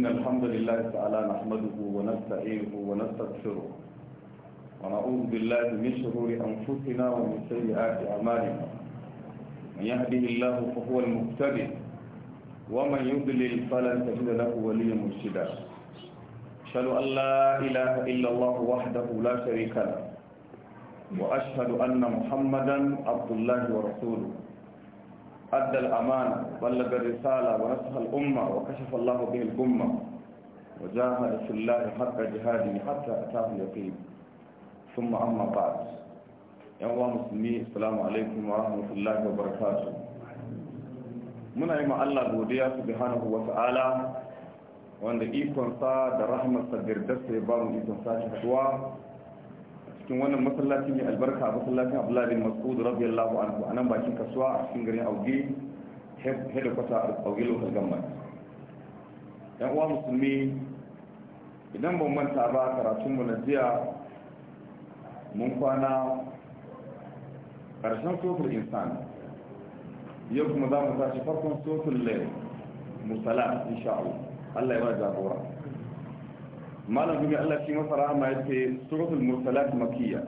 إن الحمد لله تعالى نحمده ونستعينه ونستغفره ونعوذ بالله من شرور أنفسنا ومن سيئات أعمالنا من يهده الله فهو المهتدي ومن يضلل فلن تجد له وليا مرشدا أشهد أن لا إله إلا الله وحده لا شريك له وأشهد أن محمدا عبد الله ورسوله أدى الأمانة بلغ الرسالة ونصح الأمة وكشف الله به الأمة وجاهد في الله حق جهاده حتى أتاه اليقين ثم أما بعد يا الله مسلمي السلام عليكم ورحمة الله وبركاته من أيما الله بوديا سبحانه وتعالى وأن إيكون صاد رحمة صدر دسي بارو إيكون صاد شكواه cikin wannan masallacin mai albarka a masallacin abdullahi bin mas'ud radiyallahu anhu a nan bakin kasuwa a cikin garin auge kwata a auge local government yan uwa musulmi idan ban manta ba karatun mu na jiya mun kwana ƙarshen sofin insani yau kuma za mu tashi farkon sofin lai musala insha Allah Allah ya ba jagora malam gumi Allah shi masa rahama ya ce suratul mursalat makiyya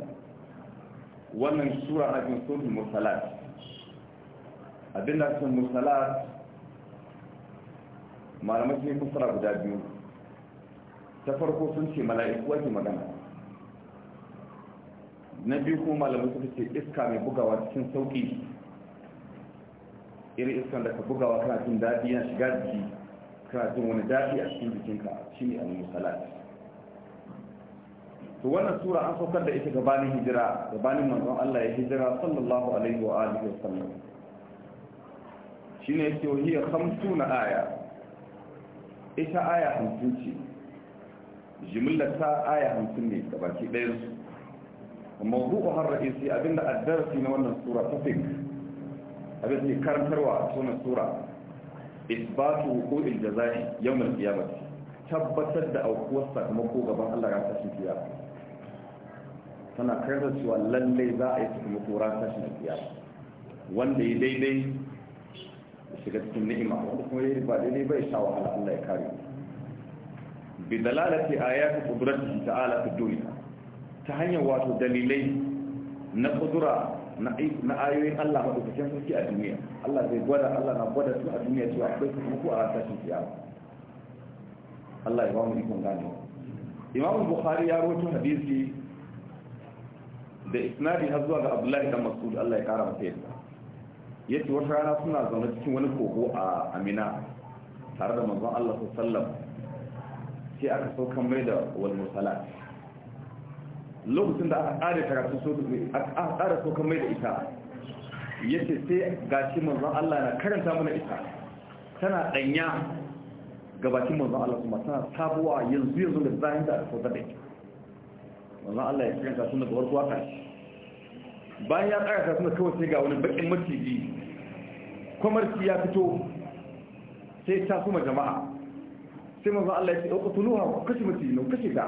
wannan sura na cikin suratul mursalat abinda sun mursalat malamai sun yi fassara guda biyu ta farko sun ce mala'iku ake magana na biyu kuma malamai suka ce iska mai bugawa cikin sauki irin iska da ka bugawa kana jin daɗi yana shiga jiki kana jin wani daɗi a cikin jikinka shi ne al-musalat to wannan sura an saukar da ita gabanin hijira gabanin manzon Allah ya hijira sallallahu alaihi wa alihi wa sallam shine yake wahiya 50 aya ita aya hamsin ce jimillata aya hamsin ne gabaki ɗayan su Amma mawdu'u har ra'isi abinda addarsi na wannan sura ta fik abin da karantarwa a sunan sura isbatu wuqu'il jazai yawm al-qiyamah tabbatar da aukuwar sakamako gaban Allah ya tashi kiyama tana kai karanta cewa lallai za a yi cikin makora tashin alkiya wanda ya daidai ya shiga cikin ni'ima wanda kuma ya ba daidai bai sha wahala Allah ya kare bi dalalati ayati qudratihi ta'ala fi dunya ta hanyar wato dalilai na kudura na ayoyin Allah madaukakin sarki a duniya Allah zai gwada Allah na gwada su a duniya cewa akwai sakamako a tashin kiyama Allah ya ba mu ikon gane Imam Bukhari ya rawaito hadisi da isnadi har zuwa ga abdullahi dan masud Allah ya kara masa yadda yace wata rana suna zaune cikin wani kogo a Amina tare da manzon Allah sallallahu sai aka saukan mai da wal lokacin da aka kare karatu so aka kare saukan mai da ita yace sai gashi manzon Allah na karanta mana ita tana danya gabatin manzon Allah kuma tana sabuwa yanzu yanzu da zahinta da aka da ita manzon Allah ya kiranta sunan da kuwa aka bayan ya tsaya ta suna kawai sai ga wani bakin maciji kwamarci ya fito sai ta kuma jama'a sai mazan Allah ya ce ɗauka tuluwa ku kashe maciji na kashe ta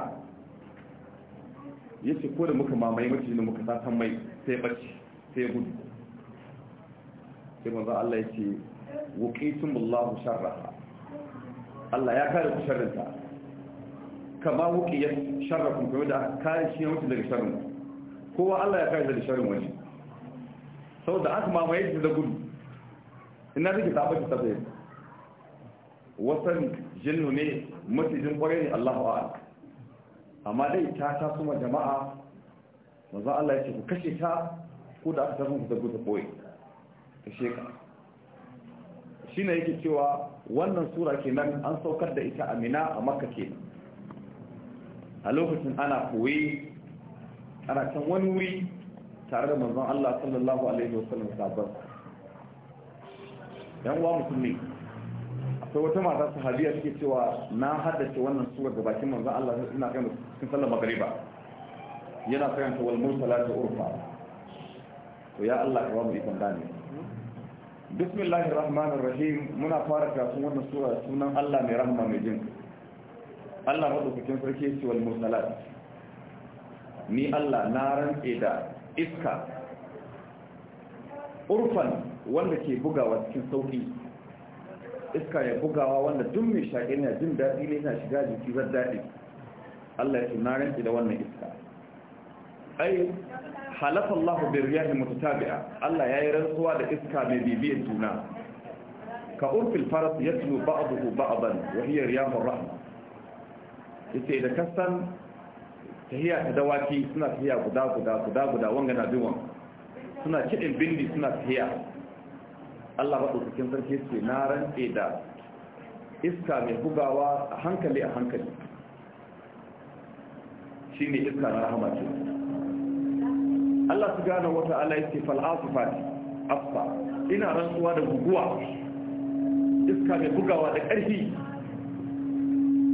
ya ce ko da muka mamaye maciji muka satan mai sai bacci sai gudu sai mazan Allah ya ce wuƙi sun bullahu sharrafa Allah ya kare ku sharrinta kama wuƙiyar sharrafa kuma da kare shi ya mutu daga sharrinta kowa Allah ya kai da sharrin wani saboda aka mamaye shi da gudu ina rike ta baki ta bai wasan jinnu ne jin kware ne Allahu a'ala amma dai ta ta kuma jama'a manzo Allah ya ce ku kashe ta ko da aka tafi da gudu boye kashe ka shine yake cewa wannan sura kenan an saukar da ita Amina a Makka kenan a lokacin ana koyi ana can wani wuri tare da manzon Allah sallallahu alaihi wasallam sabon yan uwa musulmi akwai wata mata sahabiya take cewa na haddace wannan sura ga bakin manzon Allah ina kai cikin sallar magriba yana karanta wal mursalatu urfa to ya Allah ka ba ikon gane bismillahir rahmanir rahim muna fara karatun wannan sura sunan Allah mai rahma mai jin Allah madaukakin sarki ce wal mursalat ni Allah na rantse da iska urfan wanda ke bugawa cikin sauki iska ya bugawa wanda duk mai shaƙi na jin daɗi ne na shiga jiki zar daɗi Allah ya ce na rantse da wannan iska ai halafa Allah bi riyahi mutatabi'a Allah yayi rantsuwa da iska mai bibiyar juna ka urfil faras yatlu ba'dahu ba'dan wa hiya riyahur rahma yace da kasan tahiya ta dawaki suna tahiya guda guda guda guda wanga na biwan suna kiɗin bindi suna tahiya Allah ba dokokin sarki ce na rantse da iska mai bugawa a hankali a hankali shi ne iska na rahama ce Allah su gane wata ala yake fal'asufa ne affa ina rantsuwa da guguwa iska mai bugawa da ƙarfi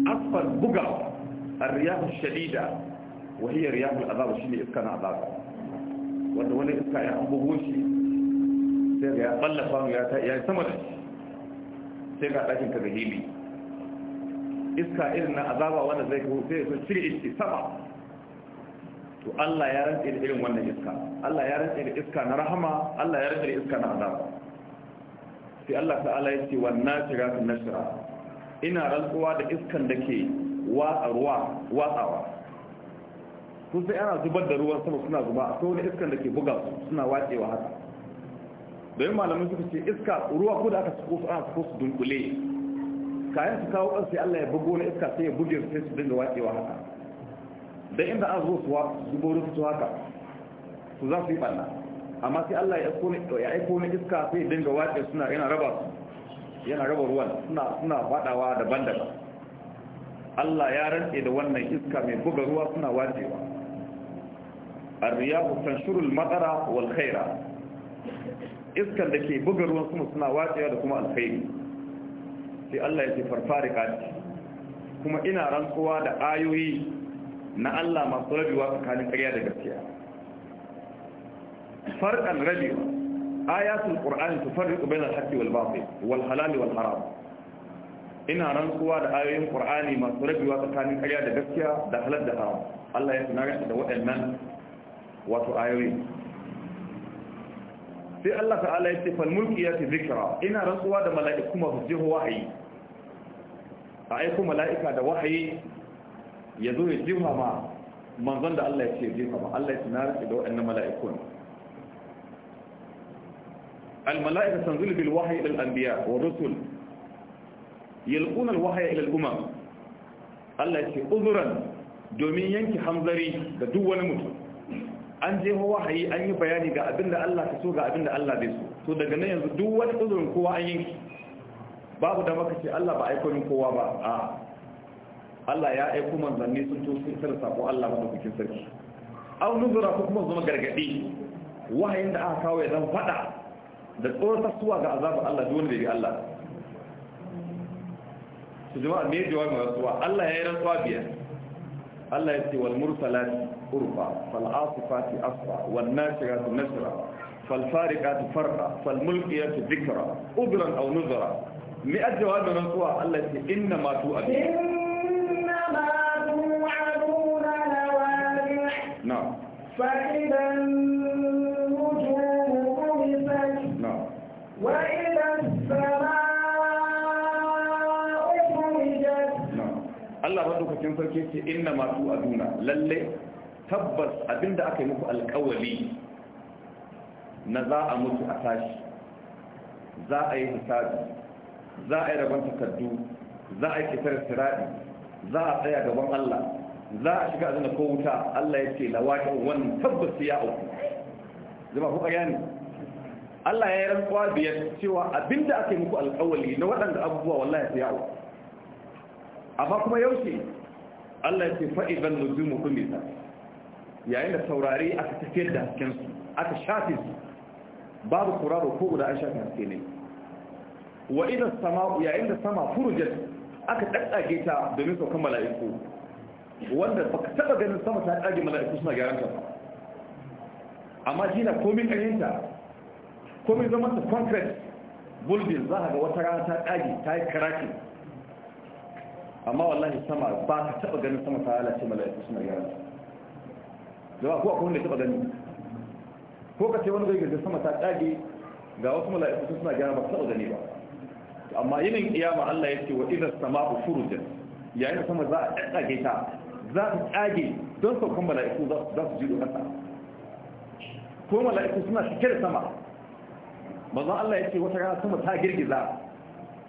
asfar bugawa a riyahu shadida wahiyar yahul azaba shine iska na azaba wanda wani iska ya an bugo shi sai ga ya balla faru ya ta ya sama da shi sai ga dakin ka ga hili iska irin na azaba wanda zai ko sai so cire iski sama to Allah ya rantsa da irin wannan iska Allah ya rantsa da iska na rahama Allah ya rantsa da iska na azaba sai Allah ta'ala ya ce wannan shiratun nashra ina rantsuwa da iskan da ke wa ruwa wa watsawa sun sai ana zubar da ruwan sama suna zuba a saurin iskar da ke buga su suna watsewa haka domin malamin suka ce iska ruwa ko da aka suko su ana suko su dunkule kayan su kawo kan sai Allah ya bugo na iska sai ya buge su sai su dinga watsewa haka da inda an zo su zubo ruwa su haka su za su yi banna amma sai Allah ya aiko na iska sai ya dinga watsewa suna yana raba su yana raba ruwan suna suna fadawa daban-daban Allah ya rantse da wannan iska mai buga ruwa suna watsewa arriyahu tanshurul matara wal khaira iskan da ke buga ruwan sama suna watsewa da kuma alkhairi sai Allah ya ce farfarika ce kuma ina rantsuwa da ayoyi na Allah masu rabewa tsakanin ƙarya da gaskiya farqan rabewa ayatul qur'ani tufarriqu bainal haqqi wal batil wal halali wal haram ina rantsuwa da ayoyin qur'ani masu rabewa tsakanin ƙarya da gaskiya da halal da haram Allah ya tunara da waɗannan wato ayoyi sai Allah ta'ala ya ce falmulki ya ce zikira ina rantsuwa da mala'iku su jiho wahayi a aiko mala'ika da wahayi ya zo ya jiha ma manzon da Allah ya ce jiha ma Allah ya ce na rantsi da waɗannan mala'ikun al-mala'ika sanzul bil wahyi ila al-anbiya wa rusul yalquna al-wahya ila al-umam Allah ya ce uzuran domin yanki hanzari da duk wani mutum an je mu wahayi an yi bayani ga abin da Allah ka so ga abin da Allah bai so to daga nan yanzu duk wani uzurin kowa an yanki babu da maka ce Allah ba aiko min kowa ba a Allah ya aiko manzanni sun to sun tsara sako Allah ba kin sarki an nuzura ku kuma zama gargadi wahayin da aka kawo ya zan fada da suwa ga azabar Allah duk wanda bai bi Allah su jama'a me jawabi rantsuwa Allah ya yi rantsuwa biyar التي والمرسلات أربع فالعاصفات أصبع والناشرات نشرة فالفارقات فرقة فالملقية ذكرة أبرا أو نظرة مئة جواب من سواء التي إنما توأبي إنما توعدون لواجع نعم فإذا النجوم قمسك نعم وإذا madaukakin sarki ce inna masu aduna lalle tabbas abinda aka yi muku alkawali na za a mutu a tashi za a yi hisabi za a yi rabon takardu za a yi kitar siradi za a tsaya gaban Allah za a shiga azuna ko wuta Allah ya ce lawaƙin wannan tabbas ya auku zama kuka gani Allah ya yi rantsuwa biyar cewa abinda aka yi muku alkawali na waɗanda abubuwa wallahi ya auku amma kuma yaushe Allah ya ce fa'izan nujumu kumisa yayin da saurari aka tafiyar da hasken su aka shafe su babu kuraro ko guda an shafe haske ne wa idan sama yayin da sama furujat aka ɗaɗɗage ta domin saukan mala'iku wanda baka taɓa ganin sama ta dage mala'iku suna gyaran ta amma jina komin ƙarinta komin zama ta concrete building za ga wata rana ta dage ta yi karatu. amma wallahi sama ba ka taba ganin sama ta lalace mala'iku suna gyara jama'a ko akwai wanda taba gani ko ka ce wani zai gaji sama ta tsage ga wasu mala'iku suna gyara ba taba gani ba amma yinin kiyama Allah ya ce wa idza sama'u furujat yayin sama za a tsage ta za ta tsage don saukan mala'iku za su jiro kasa ko mala'iku suna shike da sama ba za Allah ya ce wata rana sama ta girgiza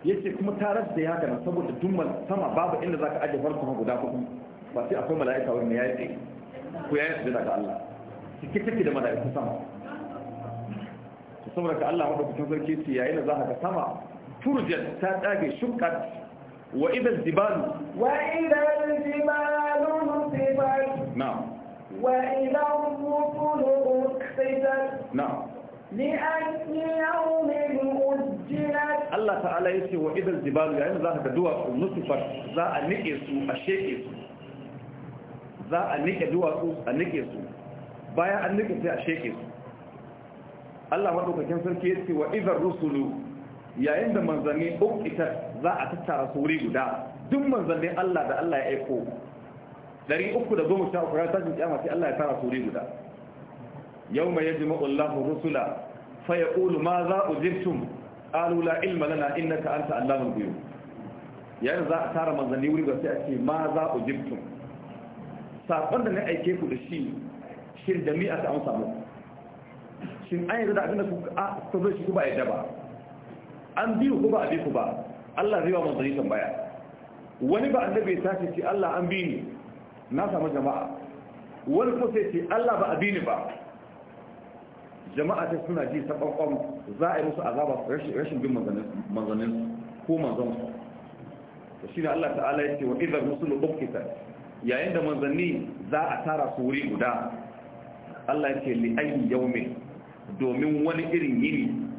yace kuma tarar da ya gana saboda dummal sama babu inda za zaka aje farko guda kuɗi ba sai akwai mala'ika wanda ya yi tsaye ko ya yi tsaye daga Allah cike take da mala'ika sama saboda ka Allah madaukakin sarki ce yayin da za ga sama turjan ta dage shukat wa idan jibalu wa idal jibalu nusifat na'am wa idal rusulu uqsitat na'am Allah ta'ala ya ce wa idal jibalu yayin za ka duwatsu nusufar za a nike su a sheke su za a nike duwatsu a nike su bayan an nike sai a sheke su Allah maɗaukakin sarki ya ce wa idal rusulu yayin da manzanni ɓaukita za a tattara su wuri guda duk manzannin Allah da Allah ya aiko ta ranar tashin kiyama sai Allah ya tara su wuri guda yawma yajma Allahu rusula fa yaqulu ma za ujibtum qalu la ilma lana innaka anta allahu al-ghayb yana za tara manzanni wuri ga sai a ce ma za ujibtum sakon da ne aike ku da shi shin da mi aka amsa mu shin ai da abin da ku a to zai ku ba yadda ba an biyu ku ba abi ku ba Allah zai ba manzanni tambaya wani ba annabi ya ce ci Allah an bi na samu jama'a wani ko sai ce Allah ba abi ni ba jama'a ta suna ji ta kwakwam za a yi musu azaba rashin bin manzannin ko manzon su shi ne Allah ta'ala ya ce wa idan musulun ɗaukita yayin da manzanni za a tara su wuri guda Allah ya ce li ayi yaumin domin wani irin yini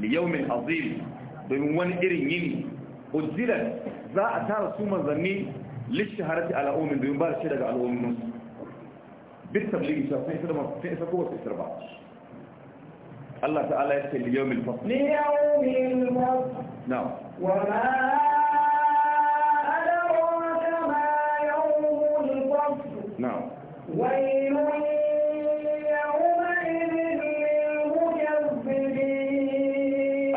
li yaumin azim domin wani irin yini ujilan za a tara su manzanni lishaharati al'ummin domin ba da shi daga al'ummin su bit tablighi sai sai da sai sai ba Allah ta'ala ya ce liyau mil fasl. Liyau mil fasl. Na. Wa ma adawa kama yau mil fasl. Na. Wailu yau ma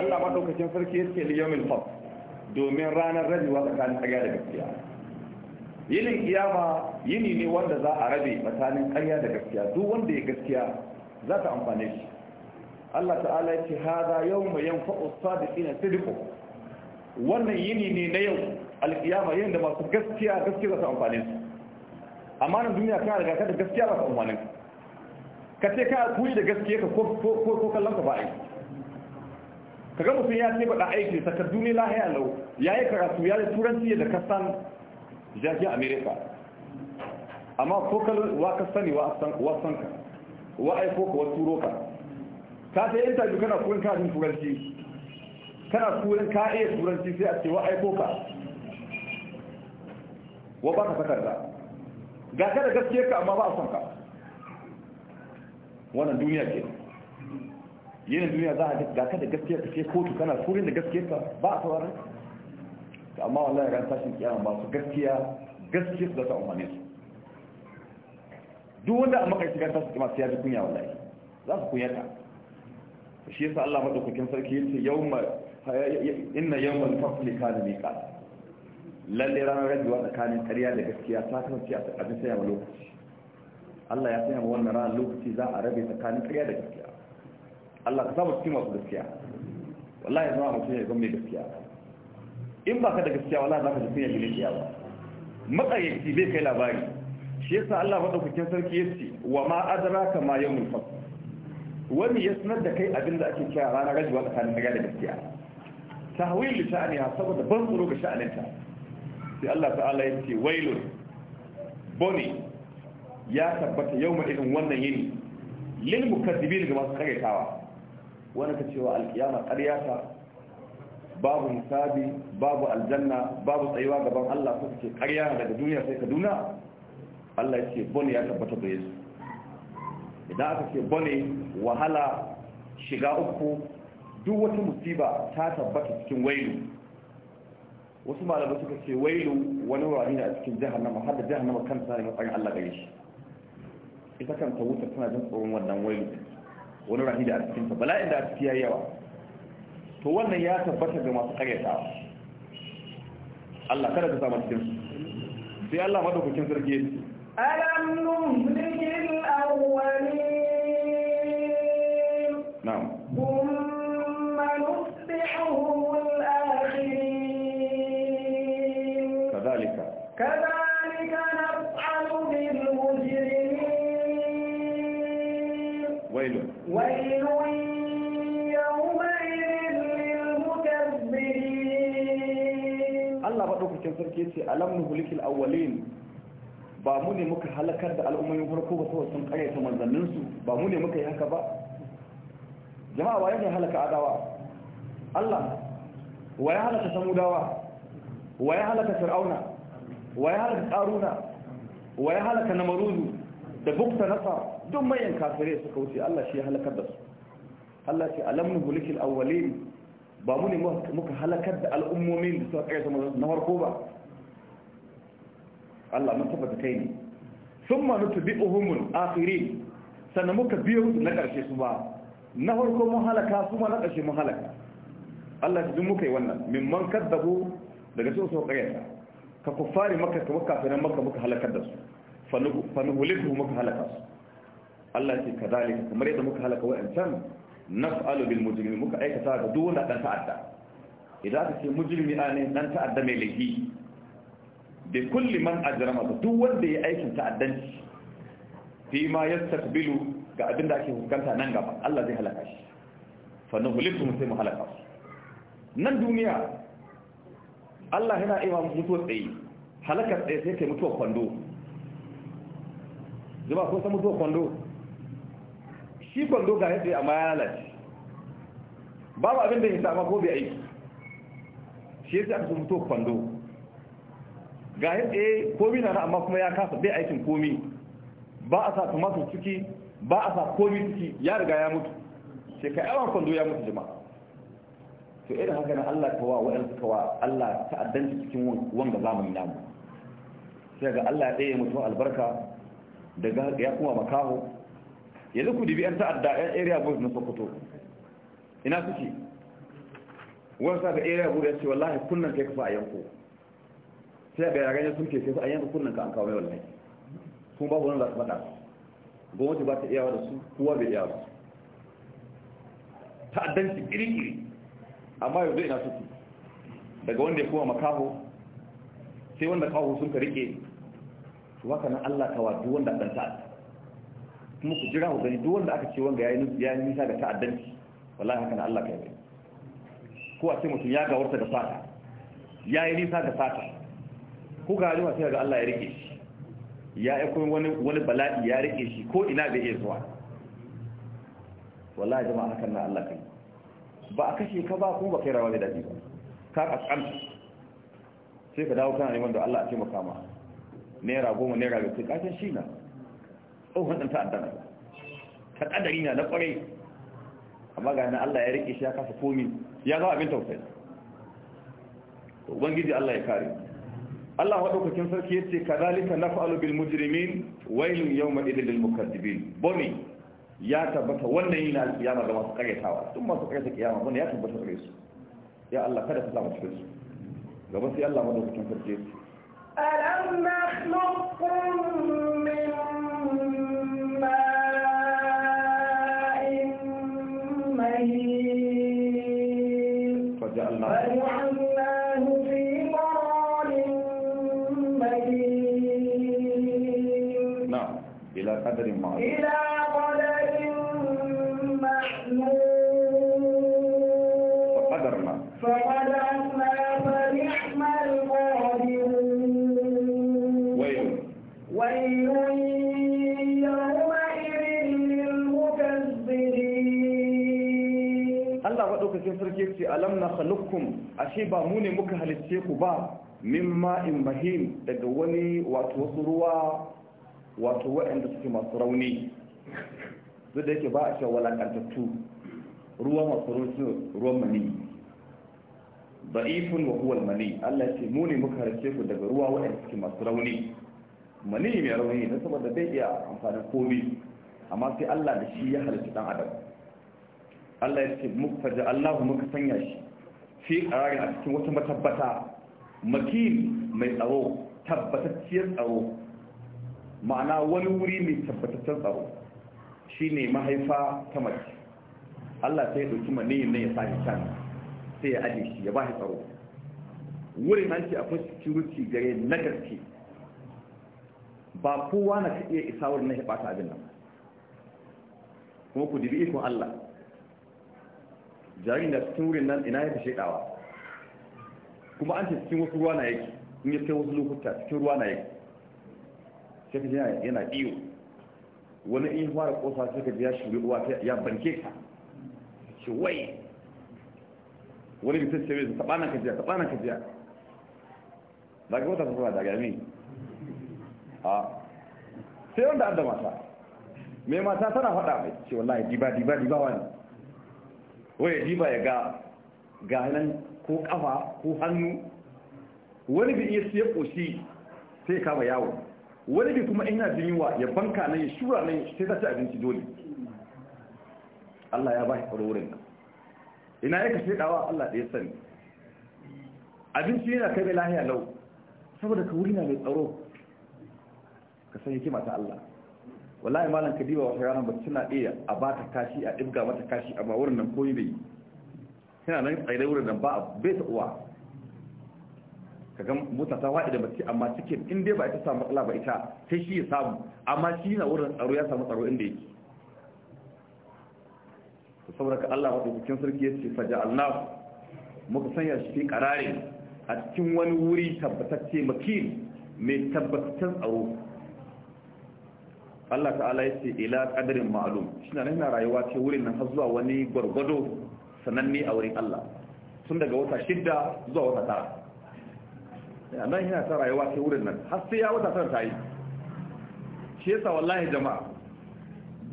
Allah maɗaukacin sarki ya ce liyau mil fasl. Domin ranar rajewa tsakanin ƙarya da gaskiya. Yinin kiyama yini ne wanda za a rabi tsakanin ƙarya da gaskiya. Duk wanda ya gaskiya za ta amfane shi. Allah ta'ala ya ce hada yawma yanfa'u sadiqina sidqu wannan yini ne na yau alkiyama yayin da masu gaskiya gaskiya su amfane su amma nan duniya ka riga ka da gaskiya ba su amfane ka ce ka kuyi da gaskiya ka ko kallon ka ba Ka ga mutum ya ce bada aiki saka duniya lahiya lau ya yi karatu ya yi turanci da kasan jirgin Amerika. amma ko kallon wa ka sani wa wa san ka wa aiko ka wa turo ka ka sai interview kana kurin kafin turanci kana kurin ka turanci sai a ce wa aiko ka wa ba ka takarda ga ka da gaskiyar ka amma ba a son ka wannan duniya ke yin duniya za a ga ka da gaskiyar ka sai kotu kana kurin da gaskiyar ka ba a sauran ka amma wallahi ran tashin kiyama ba su gaskiya gaskiyar da ta umarne su duk wanda a makaici ran tashin kiyama sai ya ji kunya wallahi za su kunya ka shi yasa Allah madaukakin sarki yace yawma inna yawmal fasli kana miqat lalle ranar rajuwa tsakanin ƙarya da gaskiya ta kasance a tsakanin sai ma lokaci Allah ya sanya wannan ran lokaci za a rabe tsakanin ƙarya da gaskiya Allah ka samu cikin masu gaskiya wallahi zama mutum ya gwamnati gaskiya in ba ka da gaskiya wallahi za ka ji kunya bilin ba matsayi bai kai labari shi yasa Allah madaukakin sarki yace wa ma adraka ma yawmul fasl wani ya sanar da kai abin da ake kira ranar rajuwa tsakanin daga da gaskiya tahwil li ha saboda ban tsoro ga sha'aninta sai Allah ta'ala ya ce wailun boni ya tabbata yau ma irin wannan yini lil mukaddibin ga masu karyatawa wani ka cewa alkiyama karyata babu musabi babu aljanna babu tsayuwa gaban Allah ko ce karya daga duniya sai kaduna Allah ya ce boni ya tabbata ga Yesu idan aka ce bane wahala shiga uku duk wata musiba ta tabbata cikin wailu wasu malamai suka ce wailu wani wurare ne a cikin jihar nama har da nama kanta ne matsayin Allah gare shi ita kanta wuta tana jin tsoron wannan wailu wani rahi da a cikin ta bala'in da a ciki yayi yawa to wannan ya tabbata ga masu karyatawa Allah kada ka samu cikin su sai Allah madaukakin sarki alam nuhli الأولين نعم ثم نصبحهم الآخرين كذلك كذلك نفعل بالمجرمين ويل ويل يومئذ للمكذبين الله بقى في كنسر ألم نهلك الأولين ba mu ne muka halakar da al'ummomin farko ba saboda sun karyata manzanninsu ba mu ne muka yi haka ba jama'a waye ne halaka adawa Allah waye halaka samudawa waye halaka fir'auna waye halaka qaruna waye halaka namaruzu da bukta nasa duk mayan kafirai suka wuce Allah shi ya halakar da su Allah ce alam nuhlikil awwalin ba mu ne muka halakar da al'ummomin da suka karyata na farko ba Allah mun tabbata kai ne thumma nutbi'uhumul akhirin sannan muka biyo su na karshe su ba na farko mun halaka su ma na karshe mun halaka Allah ya muka yi wannan Min man kaddabu daga su su kayyata ka kufari makka ka kafiran makka muka halakar da su fa nuhliku muka halaka su Allah ya ce kadalika kamar yadda muka halaka wa'ancan naf'alu bil mujrimin muka aikata ga duk wanda dan ta'adda idan ka ce mujrimi ne dan ta'adda mai laifi da kulli man ajrama duk wanda ya aikin ta'addanci fi ma yastaqbilu ga abin da ake hukanta nan gaba Allah zai halaka shi fa nuhlikum sai mu halaka shi nan duniya Allah yana iya mutuwa tsaye halakar tsaye sai kai mutuwa kwando zuba ko sai mutuwa kwando shi kwando ga yadda amma ya lalace babu abin da ya samu ko bai aiki shi yasa aka mutuwa kwando ga yadda ya komi na amma kuma ya kasa bai aikin komi ba a sa tumatur ciki ba a sa komi ciki ya riga ya mutu shekai yawan kwando ya mutu jama'a to irin haka na Allah kawa wa wa'in suka wa Allah ta'addanci cikin wanga zamani namu sai ga Allah ya ɗaya mutum albarka daga ya kuma makaho yanzu ku dibi 'yan ta'adda 'yan area boys na sokoto ina suke wani sa ga area boys ya ce wallahi kunnan kai kafa a yanko sai ga yaren sun ke sai su an yanka kunnan ka an kawo mai wallahi kuma babu wani za su faɗa gwamnati ba ta iyawa da su kowa bai iyawa su ta'addanci iri-iri amma yanzu ina suke daga wanda ya kuma makaho sai wanda kawo sun ka rike su haka nan Allah kawa duk wanda ɗan ta'ad kuma ku jira ku gani duk wanda aka ce wanga ya yi nisa ga ta'addanci wallahi haka nan Allah ka yi ko a ce mutum ya gawarta da sata ya yi nisa ga sata ko ga halima sai ga Allah ya rike shi ya aiko wani wani bala'i ya rike shi ko ina bai iya zuwa wallahi jama'a hakan na Allah kai ba a kashe ka ba kuma ba kai rawa da dadi ba ka kaskanta sai ka dawo kana neman da Allah a maka ma naira goma naira bai kai kashin shi na hadan ɗan addana ta kadari na na ƙwarai amma ga yana Allah ya rike shi ya kasa komi ya zama abin tausayi ubangiji Allah ya kare Allah madaukakin sarki yace kadhalika naf'alu bil mujrimin wailun yawma idhil lil mukaththibin bone ya tabbata wannan yana alkiyama ga masu karyatawa sun masu karyata kiyama bone ya tabbata gare su ya Allah kada ka samu cikin su gaban sai Allah madaukakin sarki yace alam nakhluqukum min ma'in mahin فجعلناكم قدر معلوم إلى قدر محمود فقدرنا فقدرنا فنعم القادرون ويل ويل يومئذ للمكذبين الله وقتك سركيتي ألم نخلقكم أشي باموني مكهل الشيخ باب min ma'in mahim daga wani wato ruwa wato waɗanda suke masu rauni duk da yake ba a cewa walakantattu ruwa masu rauni ruwan mani da'ifun wa huwa mani Allah ya ce mu ne muka harce ku daga ruwa waɗanda suke masu rauni mani mai rauni ne saboda bai iya amfanin komi amma sai Allah da shi ya halitta dan adam Allah ya ce muka faja Allahu muka sanya shi fi qararin a cikin wata matabbata makin mai tsaro tabbatacciyar tsaro ma'ana wani wuri mai tabbataccen tsaro shi ne mahaifa ta mace Allah sai ya dauki maniyin na ya sa shi can sai ya aje shi ya ba shi tsaro wurin ce akwai security gare na gaske ba kowa na ka iya isa wurin na ya ɓata abin nan kuma ku dibi ikon Allah jari da cikin wurin nan ina ya fi shaidawa kuma an ce cikin wasu ruwa na yake in ya kai wasu lokuta cikin ruwa na yake sai ka ji yana iyo wani in fara kosa sai ka ji ya shuri uwa ya banke ka shi wai wani bitin ce bai taɓa nan ka jiya taɓa nan ka jiya ga wata ta fara daga ne a sai wanda adda mata mai mata tana faɗa mai ce wallahi diba diba diba wani wai diba ya ga ga nan ko kafa ko hannu wani bi iya siya ƙoshi sai kama yawon. wani bai kuma ina jini wa ya banka na ya shura na ya sai ta ci abinci dole Allah ya ba shi farorin ina ya kashe dawa Allah da ya sani abinci yana kai mai lahiya lau saboda ka wuri na mai tsaro ka san yake mata Allah wallahi malam kadiba wasu yaran ba tana iya a ba ta kashi a ɗibga mata kashi a ba wurin nan koyi bai yana nan tsaye wurin nan ba bai ta uwa Ka ga mota ta faɗi da mace amma cikin in dai ba ita samu matsala ba ita sai shi ya samu amma shi na wurin tsaro ya samu tsaro inda yake saboda ka Allah maɗaukakin sarki ya ce faja'alna muka sanya shi cikin karare a cikin wani wuri tabbatacce makin mai tabbataccen tsaro Allah ta'ala ya ce ila qadarin ma'lum shine nan rayuwa ce wurin nan har zuwa wani gwargwado sananne a wurin Allah tun daga wata shidda zuwa wata tara nan yana ta rayuwa sai wurin nan har sai ya wata tara ta yi shi yasa wallahi jama'a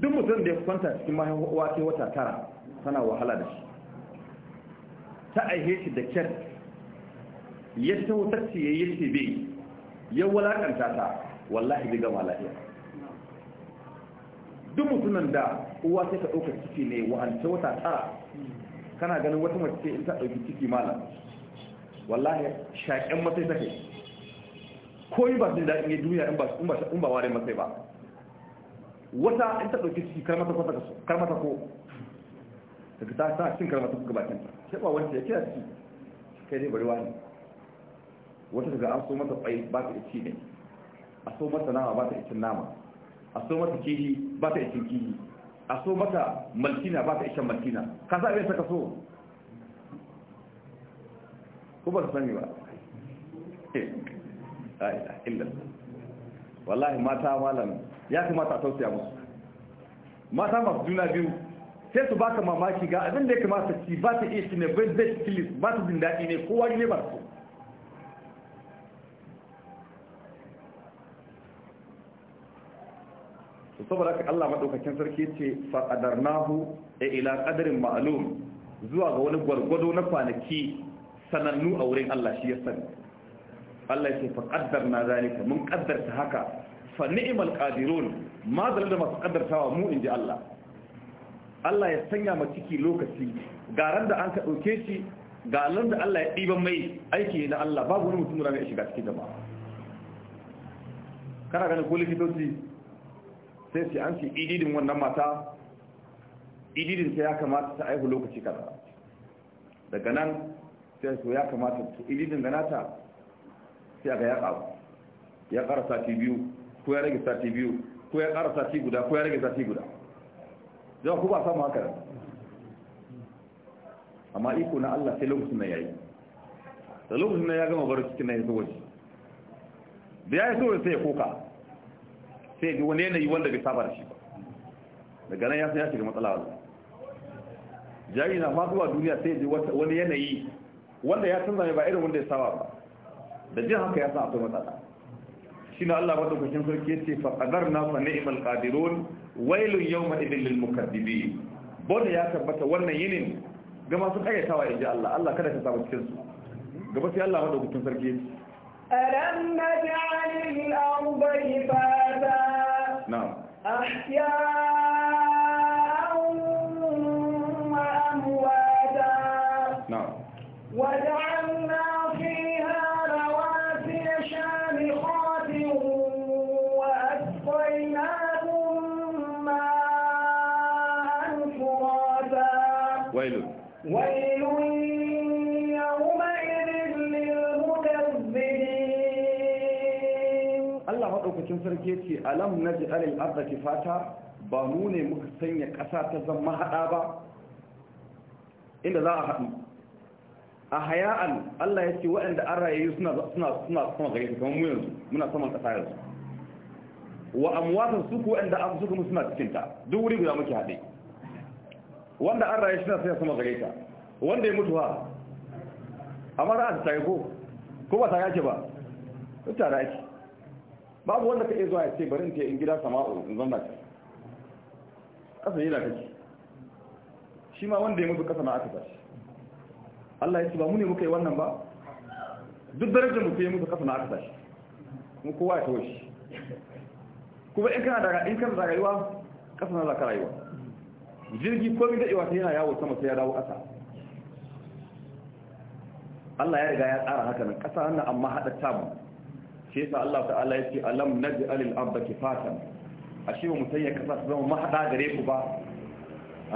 duk mutum da ya kwanta cikin uwa sai wata tara tana wahala da shi ta aihe shi da kyar ya ce ya yi ce bai ya walakanta ta wallahi bai gama lafiya duk mutumin da uwa sai ka ɗaukar ciki ne wahance wata tara kana ganin wata mace in ta ɗauki ciki malam wallahi shaƙen matsayi take ko yi ba su da daɗin duniya in ba ware matsayi ba wata in ta ɗauki ciki karmata ko fi ta sa cin karmata kuka bakin ta sai ba wanda ya kira ciki kai dai bari wani wata daga an so mata tsaye ba ta ci ne a so mata nama ba ta cin nama a so mata kihi ba ta cin kihi a so mata malkina ba ta ishan malkina ka sa abin ta ka so ko ba su sani ba eh, wallahi mata malam ya kamata a tausaya musu mata masu juna biyu sai su baka mamaki ga abin da ya kamata ci ba ta iya shi ne bai zai filis ba ta jin daɗi ne kowa ne ba su su saboda ka Allah maɗaukakin sarki ce fa'adar nahu qadarnahu ila ƙadarin ma'alum zuwa ga wani gwargwado na kwanaki sanannu a wurin Allah shi ya sani Allah ya ce fa qaddarna zalika mun kaddarta haka fa ni'mal qadirun ma da masu qaddartawa mu inji Allah Allah ya sanya ma ciki lokaci garan da an ka dauke shi ga da Allah ya diban mai aiki na Allah babu wani mutum da ya shiga cikin jama'a kana ganin ko likitoci sai sai an ce ididin wannan mata ididin sai ya kamata ta aihu lokaci kaza daga nan sai to ya kamata su ididin da nata sai aka yaka abu ya ƙara sati biyu ko ya rage sati biyu ko ya ƙara sati guda ko ya rage sati guda zama ku ba samu haka amma iko na Allah sai lokacin nan yayi da lokacin nan ya gama bar cikin nan ya zuwa shi da ya yi so sai ya koka sai ya wani yanayi wanda bai saba da shi ba daga nan ya shiga matsala wanda jari na faduwa duniya sai ya ji wani yanayi wanda ya canza mai ba irin wanda ya saba ba da jin haka ya san akwai matsala shi na Allah wadda kushin sarki ya ce fa faƙadar na fa ni'imal qadirun wailun yawma idin lil mukaddibin bone ya tabbata wannan yinin ga masu kayyatawa in ji Allah Allah kada ka samu cikin su gaba sai Allah wadda kushin sarki ya ce. alam naj'alil arda kifata na'am ahya وجعلنا فيها رواسي شامخات وأسقيناكم ماء فراتا ويل ويل يومئذ للمكذبين الله مدوكاكين sarki ce alam naj'al al-ardha kifata ba mu ne muka sanya ƙasa ta zama hada ba inda za a haɗu a haya'an Allah ya ce waɗanda an rayayi suna sama gare su kamar mu yanzu muna saman ƙasa yanzu wa amwatan su ku waɗanda an suka suna cikin ta duk wuri guda muke haɗe wanda an rayayi suna sama gare ta wanda ya mutu ha amma za a ta ko ko ba ta yake ba ta da ake babu wanda ka iya zuwa ya ce bari in ta in gida sama'u in zanna ta ƙasa yi da kake shi ma wanda ya mutu ƙasa na aka tashi Allah ya ce ba mu ne muka yi wannan ba duk darajar mutu ya muka kasa na aka tashi mu kowa ya tawo shi kuma in kana daga in kana da rayuwa kasa na zaka rayuwa jirgi ko mi dadewa sai yana yawo sama sai ya dawo kasa Allah ya riga ya tsara haka nan kasa nan amma ta tabu sai yasa Allah ta'ala ya ce alam naj'al al-ardha kifatan ba mu sanya ƙasa su zama mahada gare ku ba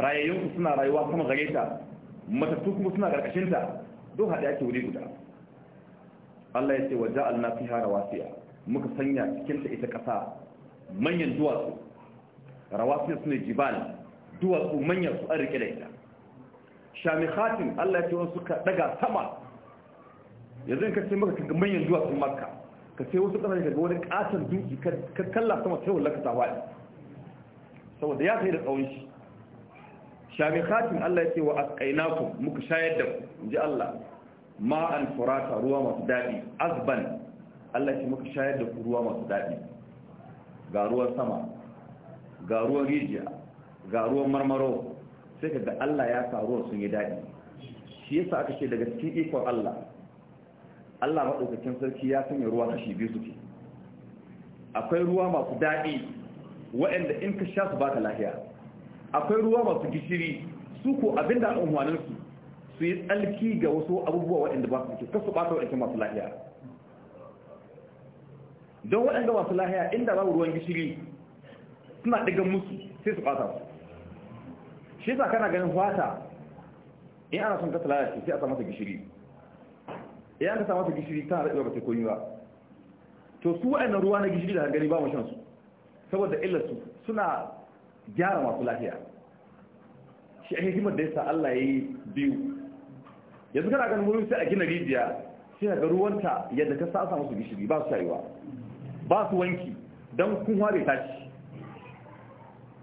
rayayyun suna rayuwa kuma gare ta matattu kuma suna karkashin ta don haɗe ake wuri guda Allah ya ce wa ja'alna fiha rawasiya muka sanya cikin ta ita kasa manyan duwatsu rawasiya sune jibal duwatsu manyan su an rike da ita shamikhatin Allah ya ce wasu ka daga sama yanzu in ka ce maka kaga manyan duwatsun makka ka ce wasu kasashe kaga wani ƙaton duki ka kalla sama sai wallaka ta faɗi saboda ya kai da tsawon shi shabikatin Allah ya ce wa asqainakum muka shayar da ku inji Allah ma'an furata ruwa masu daɗi azban Allah ce muka shayar da ku ruwa masu daɗi ga ruwan sama ga ruwan rijiya ga ruwan marmaro sai ka ga Allah ya sa ruwan sun yi daɗi shi yasa aka ce daga cikin ikon Allah Allah madaukakin sarki ya sanya ruwa kashi biyu suke akwai ruwa masu daɗi waɗanda in ka sha su baka lafiya. akwai ruwa masu gishiri su ko abinda a unhwaninsu su yi tsalki ga wasu abubuwa waɗanda ba su ke su ɓata waɗanda masu lahiya don waɗanda masu lahiya inda babu ruwan gishiri suna ɗigan musu sai su ɓata su shi sa kana ganin fata in ana son kasa lalace sai a sa gishiri in ka sa gishiri ta haɗa ba ta koyi ba to su waɗannan ruwa na gishiri da gani ba mu shan su saboda illarsu suna gyara masu lafiya shi a hikimar da yasa Allah ya yi biyu yanzu kana ganin wurin sai a gina rijiya sai ga ruwanta yadda ka sa musu gishiri ba su shayuwa ba su wanki don kun ware tashi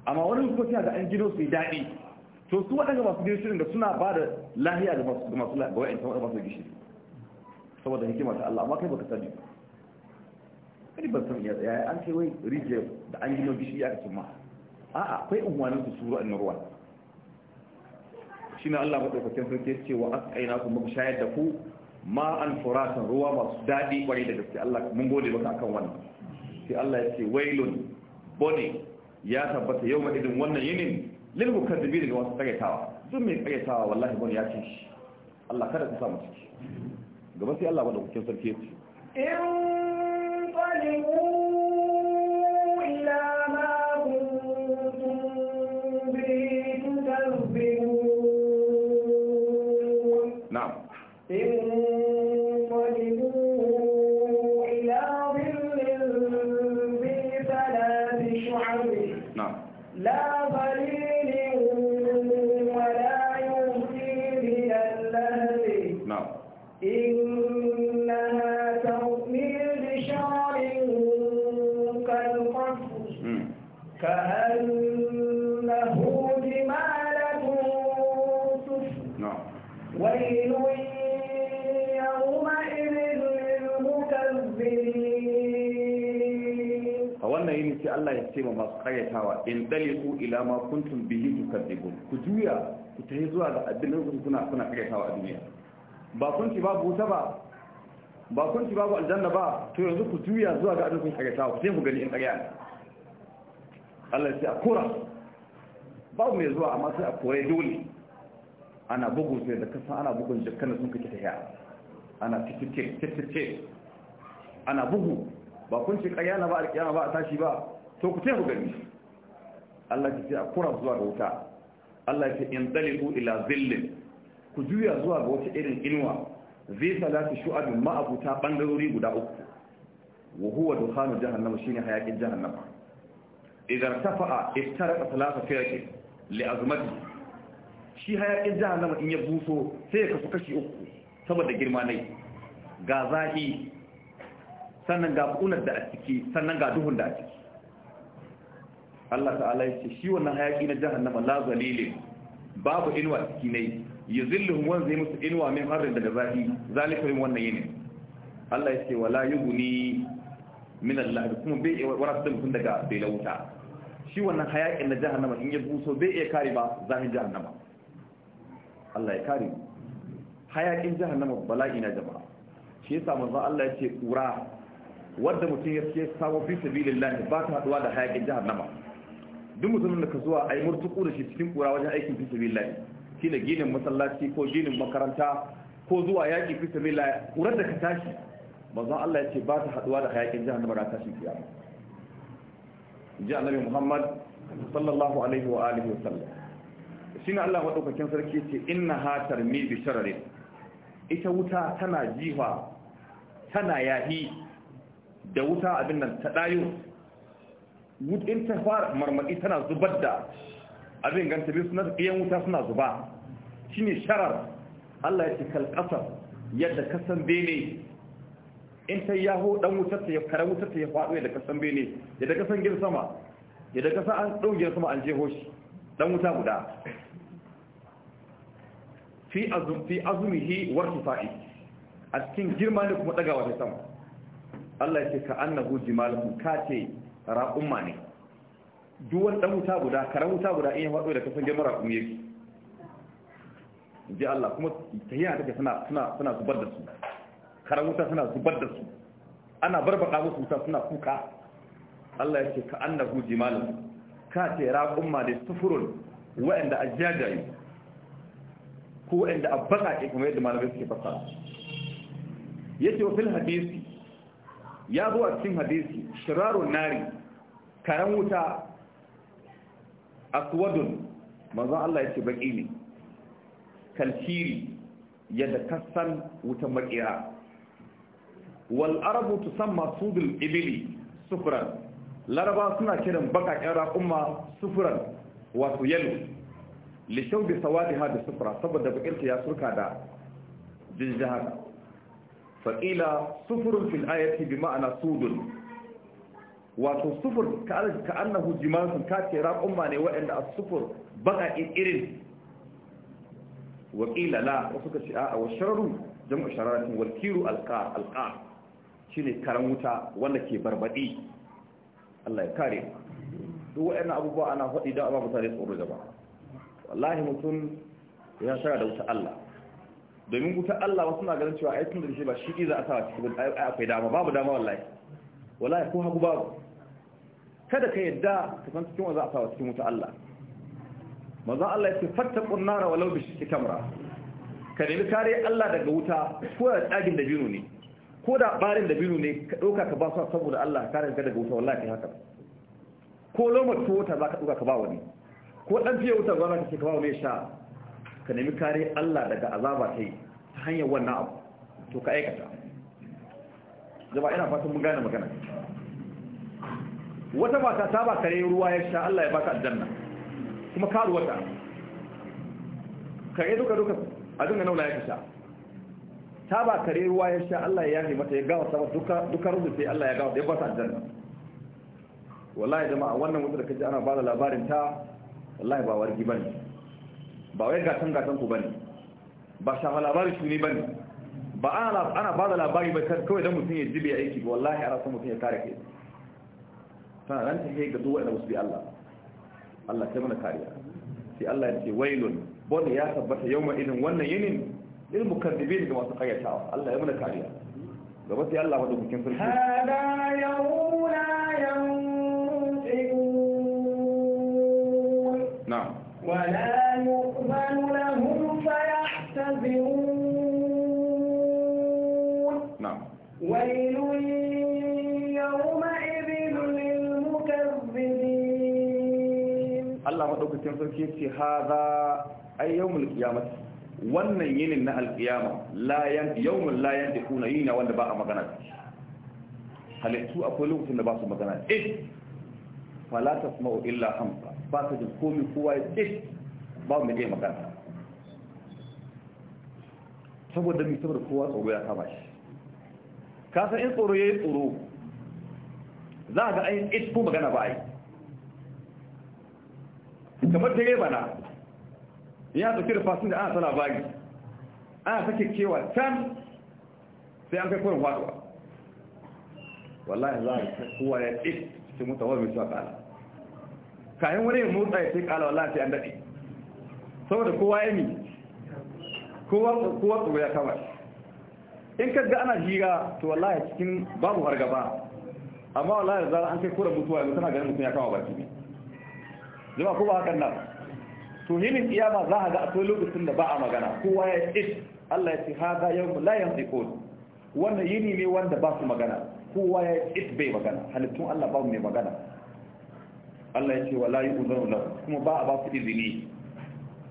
amma wani kuma sai ga an gino su yi daɗi to su waɗanda masu gishiri da suna ba da lahiya ga masu ga wa'in ta masu gishiri saboda hikimar ta Allah amma kai baka sani kai ni ban san yaya an kai wai rijiyar da an gino gishiri aka cimma a akwai unwanin su suru an ruwa shi na Allah maɗaukakin sarki ce wa aka aina ku muka shayar da ku ma an furatan ruwa masu daɗi kwari da gaske Allah mun gode maka akan wannan sai Allah ya ce wailun bone ya tabbata yau ma idin wannan yinin lil mukaddibi da wasu tsagaitawa duk mai tsagaitawa wallahi bone ya ce shi Allah kada ku samu ciki gaba sai Allah maɗaukakin sarki ya ce in qalibu 对。ce ma masu karyatawa in daliku ila ma kuntum bihi tukadzibun ku juya ku tafi zuwa ga addinin ku kuna kuna kayatawa a duniya ba kun ci babu wuta ba ba kun ci babu aljanna ba to yanzu ku juya zuwa ga addinin ku kayatawa ku sai ku gani in karya ne Allah ya ce a kora babu mai zuwa amma sai a kore dole ana bugu sai da kasa ana bugun jakkan sun kike tafiya ana titice titice ana bugu ba kun ce ƙaryana ba alƙiyama ba a tashi ba to ku taimu gani Allah ya ce a kura zuwa ga wuta Allah ya ce in dalilu ila zillin ku juya zuwa ga wata irin inuwa zai salatu shu'abin ta bangarori guda uku wa huwa dukhanu jahannam shine hayakin jahannam idan tafa'a iftaraka salasa fiyake li azmati shi hayakin jahannam in ya buso sai ya kasu kashi uku saboda girma nai ga zahi sannan ga kunar da a ciki sannan ga duhun da a ciki Allah ta'ala ya ce shi wannan hayaki na jahannama la zalilin babu inuwa ciki ne ya yuzilluhum wa zai musu inuwa min harrin daga zafi zalikum wannan yini Allah ya ce wala guni min Allah kuma bai warasta mutum daga belauta shi wannan hayakin na jahannama in ya buso bai iya kare ba zahin jahannama Allah ya kare hayakin jahannama bala'i na jama'a shi yasa manzo Allah ya ce kura wanda mutum ya ce sawo fi sabilillah ba ta haduwa da hayakin jahannama duk mutumin da ka zuwa a yi murtuku da shi cikin kura wajen aikin fi sabilillahi shine ginin masallaci ko ginin makaranta ko zuwa yaki fi sabilillahi kurar da ka tashi manzon Allah ya ce ba ta haɗuwa da hayaƙin hayakin jahannama da tashin kiyama ji annabi Muhammad sallallahu alaihi wa alihi wa sallam shine Allah madaukakin sarki ce inna ha tarmi bi shararin ita wuta tana jiwa tana yahi da wuta abin nan ta ɗayo. in ta fara marmadi tana zubar da abin ganta biyu suna ɗiyan wuta suna zuba shi ne sharar Allah ya ce kalƙasar yadda kasan bene in ta yaho ɗan wutarta ya kare wutarta ya faɗo yadda kasan bene yadda kasan gir sama yadda kasa an ɗaugiyar sama an jeho shi ɗan wuta guda fi azumihi warki fa'i a cikin girma ne kuma ɗagawa ta sama Allah ya ce ka annahu jimalakun ka ce raƙumma ne duk wani ɗan wuta guda karan wuta guda in ya faɗo da kasan girma raƙumi yake in ji Allah kuma ta yi haka suna zubar da su karan wuta suna zubar da su ana barbaɗa musu wuta suna kuka Allah ya ce ka guji jimalin ka ce raƙumma da sufurin waɗanda a jajaye ko waɗanda a ke kuma yadda malamai suke fasa ya ce wa fil hadisi ya zo a cikin hadisi shirarun nari karen wuta aswadun manzon Allah ya ce baki ne kalshiri yadda kasan wutan makira wal arabu tusamma sudul ibili sufran laraba suna kiran baƙaƙen raƙumma sufuran wato yalo lishau da sawadi hada sufura saboda ta ya surka da jinjihar faƙila sufurin fil ayati bi ma'ana sudun wato sufur ka annahu jimansun ka ce raƙumma ne waɗanda a sufur baka irin waƙila la wasu ka ce a wa shararu jam'a shararatin walkiru alƙar alƙar shi ne karan wuta wanda ke barbaɗi Allah ya kare duk waɗannan abubuwa ana faɗi da ba mutane tsoro gaba wallahi mutum ya shara da wuta Allah domin wuta Allah wasu na ganin cewa aikin da shi ba shi za a sa cikin akwai dama babu dama wallahi wallahi ko hagu babu kada ka yadda ka san cikin wanzu za a sawa cikin wuta Allah manzon Allah ya ce fatta nara walau bishi shikki kamra ka nemi kare Allah daga wuta ko da tsagin da binu ne ko da barin da binu ne ka ɗauka ka ba su saboda Allah kare ka daga wuta wallahi haka ko lomar wuta za ka ɗauka ka ba wani ko dan fiye wuta za ka ce ka ba wani sha ka nemi kare Allah daga azaba ta yi ta hanyar wannan abu to ka aikata jama'a ina fatan mun gane magana wata mata ta ba kare ruwa ya sha Allah ya baka aljanna kuma ka ruwata. Ka yi duka duka a dinga nauna ya sha ta ba kare ruwa ya sha Allah ya yafe mata ya gawa sama duka duka rubu sai Allah ya gawa ya baka aljanna wallahi jama'a wannan wata da kaji ana ba da labarin ta wallahi ba wargi bane ba wai gatan gatan ku bane ba shafa labarin shi ne bane ba ana ba da labari ba kawai don mutum ya jibe aiki wallahi ana son mutum ya kare kai tana ran ta ga duk wanda musu bi Allah Allah kai mana kariya sai Allah ya ce wailun bon ya tabbata yawma idin wannan yinin lil mukaddibin ga masu kayyatawa Allah ya mana kariya gaba sai Allah madaukakin sarki hada yawmu la yanfiqun na'am wala yuqbalu lahum fayahtazirun na'am wailun madaukakin sarki yace hadha ay yawmul qiyamah wannan yinin na alqiyama la yan yawmul la yan dikuna yina wanda ba a magana halittu akwai lokacin da ba su magana eh fala tasma'u illa hamsa ba ka jin komai kowa ya eh ba mu je magana saboda mi saboda kowa tsoro ya kama shi ka san in tsoro yayi tsoro za ga ayin it ko magana ba yi. kamar direba na ya tsoke da fasin da ana tana labari ana sake kewa can sai an kai kawai faduwa wallahi za a kowa ya ɗi mutu mutawar mai suwa kala kayan wani yin motsa ya sai kala wallahi sai an daɗe saboda kowa ya mi kowa tsoro ya kama in ka ga ana jira to wallahi cikin babu hargaba amma wallahi za zara an kai kura mutuwa ya mutu tana ganin mutum ya kama baki ne Zama ko ba hakan nan to hinin kiyama za a ga akwai lokacin da ba a magana kowa ya ce Allah ya ce hada mu la yanfiqun wannan yini ne wanda ba su magana kowa ya ce bai magana halittun Allah ba mai magana Allah ya ce wala yu'zanu lahu kuma ba a ba su izini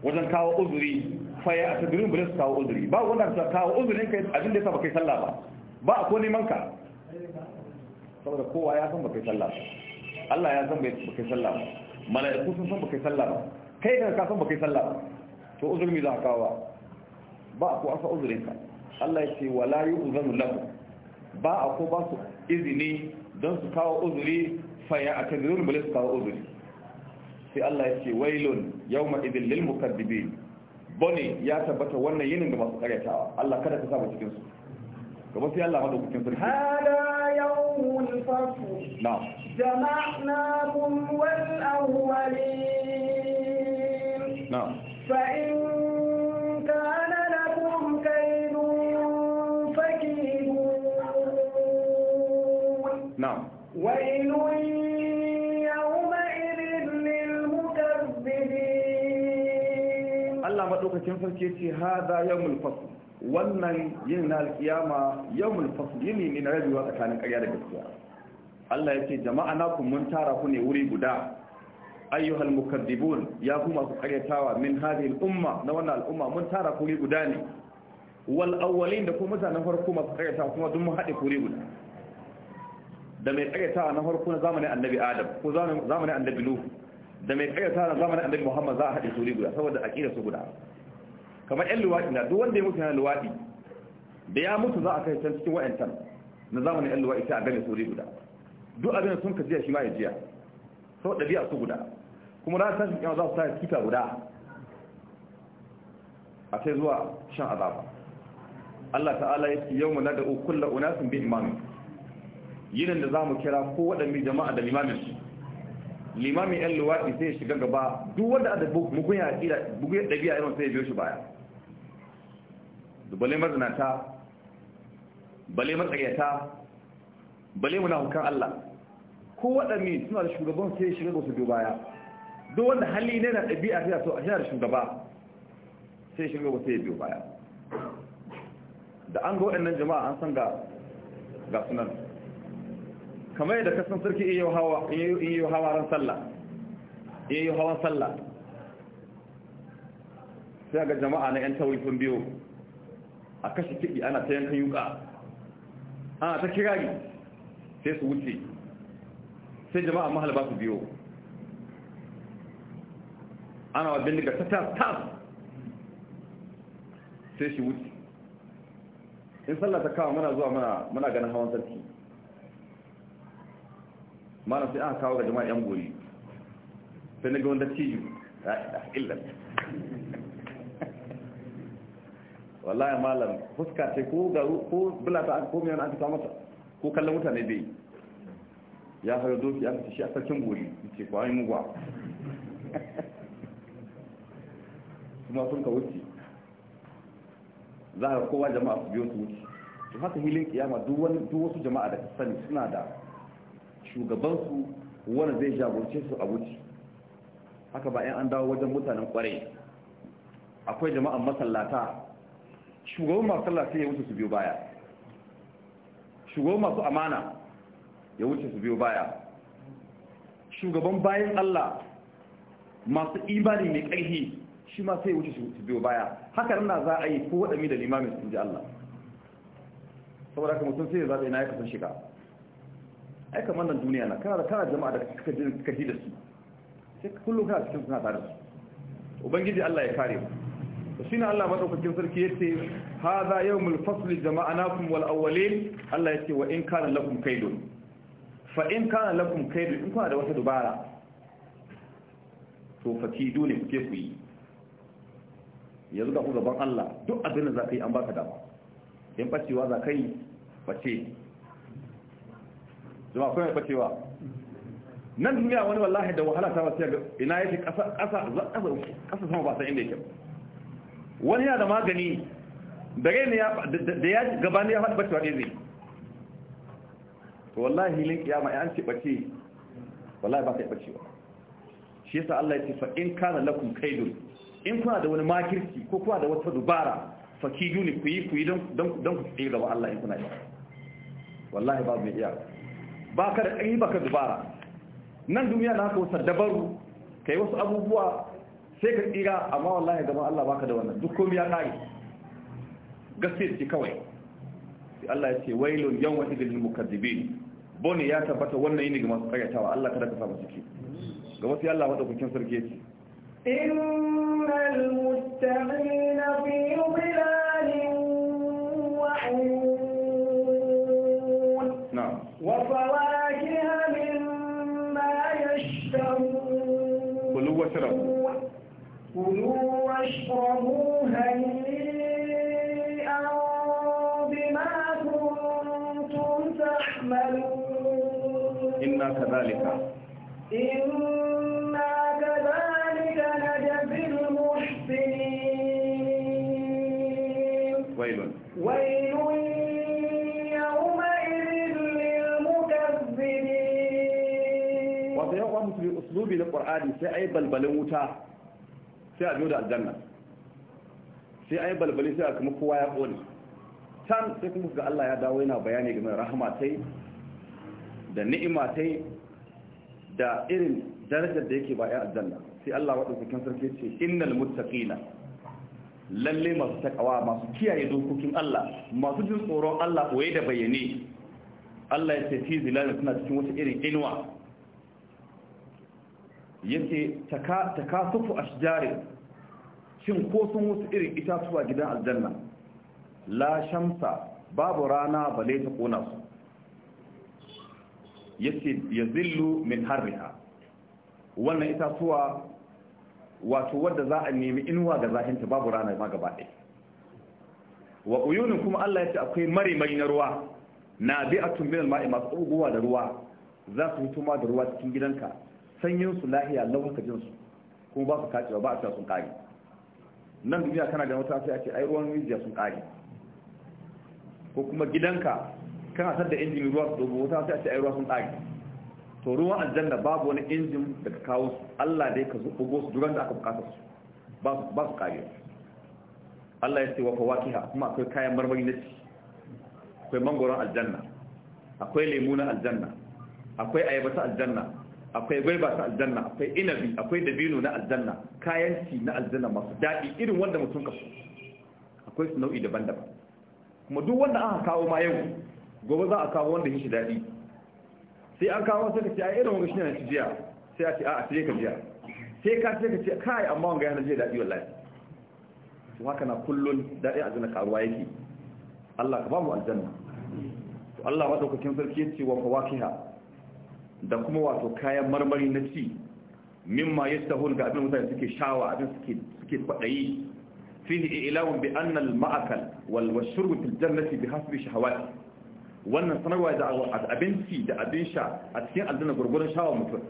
wajen kawo uzuri faya a tabirin ba su kawo uzuri ba wanda su kawo uzurin kai abin da ya saba kai sallah ba ba a ko neman ka saboda kowa ya san ba kai sallah ba Allah ya san ba kai sallah ba mala'iku sun san baka yi sallah ba kai kan ka san baka yi sallah ba to uzurmi za a kawo ba a ko asa uzurinka Allah ya ce wala yu'zanu lahu ba a ko ba su izini don su kawo uzuri fa ya akadirun bale su kawo uzuri sai Allah ya ce wailun ma idil lil mukaddibin bone ya tabbata wannan yinin ga masu karyatawa Allah kada ka saba cikin su gaba sai Allah madaukakin sarki يوم الفصل نعم جمعناكم والأولين نعم فإن كان لكم كيد فكيدون نعم ويل يومئذ للمكذبين الله مدوكة كيف هذا يوم الفصل wannan yin na alkiyama yawmul fasl yini ne na rabewa tsakanin karya da gaskiya Allah ya ce jama'a na kun mun tara ku ne wuri guda ayyuhal mukaddibun ya kuma ku karyatawa, min hadhihi al-umma na wannan al'umma mun tara ku wuri guda ne wal awwalin da kuma mutanen farko masu karyatawa kuma duk mun haɗe ku wuri guda da mai karyatawa na farko na zamanin annabi adam ko zamanin annabi nuhu da mai karyatawa na zamanin annabi muhammad za a haɗe su wuri guda saboda aƙida su guda kamar yan luwaɗi na duk wanda ya mutu yana luwaɗi da ya mutu za a kai can cikin wa'yantan na zamanin yan luwaɗi sai a gane sauri guda duk abin sun ka jiya shi ma ya jiya sau ɗabi'a su guda kuma ranar tashin kyau za su sa tuta guda a sai zuwa shan azaba Allah ta'ala ya ce yau mu nada ukulla unasin bi imamin yinin da za mu kira ko waɗanne jama'a da limamin su limamin yan luwaɗi sai ya shiga gaba duk wanda a da bugu ya ɗabi'a irin sai ya biyo shi baya bale mazinata bale matsayata bale muna hukan Allah ko waɗanne suna da shugaban sai shiga ba su biyu baya duk wanda hali ne na ɗabi'a sai so a shi da shugaba sai shiga ba sai biyu baya da an ga waɗannan jama'a an san ga ga sunan kamar yadda kasan sarki in yi hawa ran sallah in yi hawan sallah sai ga jama'a na 'yan tauri sun biyu a kashe kiɗi ana ta yankan yuka ana ta kirari sai su wuce sai jama'a mahal ba su biyo ana wa bindiga ta tas tas sai shi wuce in sallah ta kawo muna zuwa muna ganin hawan sarki mana sai aka kawo ga jama'a yan gori sai na ga wanda cijo a illar wallahi malam fuska ce ko ga ko ta ko komai an ta masa ko kallon mutane bai ya hayo doki an ci shi a sarkin gori ce ko ai mugwa kuma sun ka wuce za ka kowa jama'a su biyo su wuce to haka hilin kiyama duk wani duk wasu jama'a da sani suna da shugabansu wanda zai jagorce su a wuce haka ba 'yan an dawo wajen mutanen kware akwai jama'an masallata shugaban masu sallah sai ya wuce su biyo baya shugaban masu amana ya wuce su biyo baya shugaban bayan Allah masu imani mai ƙarfi shi ma sai ya wuce su biyo baya haka nan za a yi ko waɗanne da limamin sun ji Allah saboda haka mutum sai ya zaɓe na ya kasan shiga ai kamar nan duniya na kana da kana jama'a da kaka ji da su sai kullum kana cikin suna tare su ubangiji Allah ya kare mu shi ne Allah maɗaukakin sarki ya ce ha za yau mulfasli na wal awwalin Allah ya ce wa in kana kai don? fa in kana kai don in kuna da wata dubara to faki dole kuke ku yi yanzu ga ku gaban Allah duk abin da za ka yi an baka dama in ɓacewa za ka yi ɓace. jama'a kuma ɓacewa nan duniya wani wallahi da wahala ta wasu ina yake ƙasa ƙasa sama ba san inda yake ba wani yana da magani da rai da ya gabani ya faɗi bacewa ɗaya zai to wallahi hilin kiyama ya an ce ɓace. wallahi ba ka yi ɓacewa shi yasa Allah ya ce fa in kana lakum kaidun in kuna da wani makirki ko kuna da wata dubara fa ki yuni ku yi ku yi don ku tsaye gaba Allah in kuna yi wallahi ba mai iya ba ka da kai ba ka dubara nan duniya na ka wasa dabaru yi wasu abubuwa sai ka tsira amma wallahi gaban Allah baka da wannan duk komi ya kare gaskiya ce kawai sai Allah ya ce wailun yawma idil mukazzibin bone ya tabbata wannan yini ga masu karyatawa Allah kada ka samu ciki ga wasu Allah madaukakin sarki yace innal muttaqina fi dhilal أجرموا بما كنتم إنا كذلك إنا كذلك نجزي المحسنين ويل ويل يومئذ للمكذبين وفي يوم في أسلوب القرآن سعي بلبل موتى sai sai an yi balbali sai kuma kowa ya ƙone can sai kuma ga Allah ya dawo yana bayani game da rahama tai da ni'ima da irin darajar da yake ba ya aljanna sai Allah waɗanda sarki ce innal muttaqina lalle masu takawa masu kiyaye dokokin Allah masu jin tsoron Allah koye da bayyane Allah ya ce fi suna cikin wata irin inuwa yake takasufu ashjarin shin ko sun wasu irin itatuwa gidan aljanna la shamsa babu rana bale ta kona su ya Zillu min harriha wannan itatuwa wato wadda za a nemi inuwa ga zahinta babu rana ma gaba ɗaya wa uyunin kuma Allah ya ce akwai marimari na ruwa na bi min al-ma'i masu abubuwa da ruwa za su fito ma da ruwa cikin gidanka sanyin su lahiya lawan ka kuma ba su kacewa ba a cewa sun kage nan duniya kana da wata sai a ce ai ruwan rijiya sun kare ko kuma gidanka kana tar da injin ruwa su dogo wata sai a ce ai ruwa sun kare to ruwan aljanna babu wani injin da ka kawo su Allah dai ka zubo su duran da aka bukata su ba su kare Allah ya ce wa fawakiha kuma akwai kayan marmari na ci akwai mangoron aljanna akwai lemu na aljanna akwai ayaba ta aljanna akwai gwaiba ta aljanna akwai inabi akwai dabino na aljanna kayan ci na aljanna masu daɗi irin wanda mutum ka akwai su nau'i daban-daban kuma duk wanda aka kawo ma yau gobe za a kawo wanda shi daɗi sai an kawo sai ka ce a irin wanga shi ne jiya sai a ce a a sai ka jiya sai ka ce ka ce kai amma wanga yana jiya daɗi wallahi to haka na kullun daɗi aljanna karuwa yake Allah ka ba mu aljanna to Allah madaukakin sarki yace wa fawakiha da kuma wato kayan marmari na ci mimma ya yastahun ga abin mutane suke shawa abin suke faɗayi. suke kwadayi fihi ilawun bi anna al ma'akal wal washrub fil jannati bi hasbi shahawati wannan sanarwa da abinci da abin sha a cikin aljanna gurgurun shawa mutum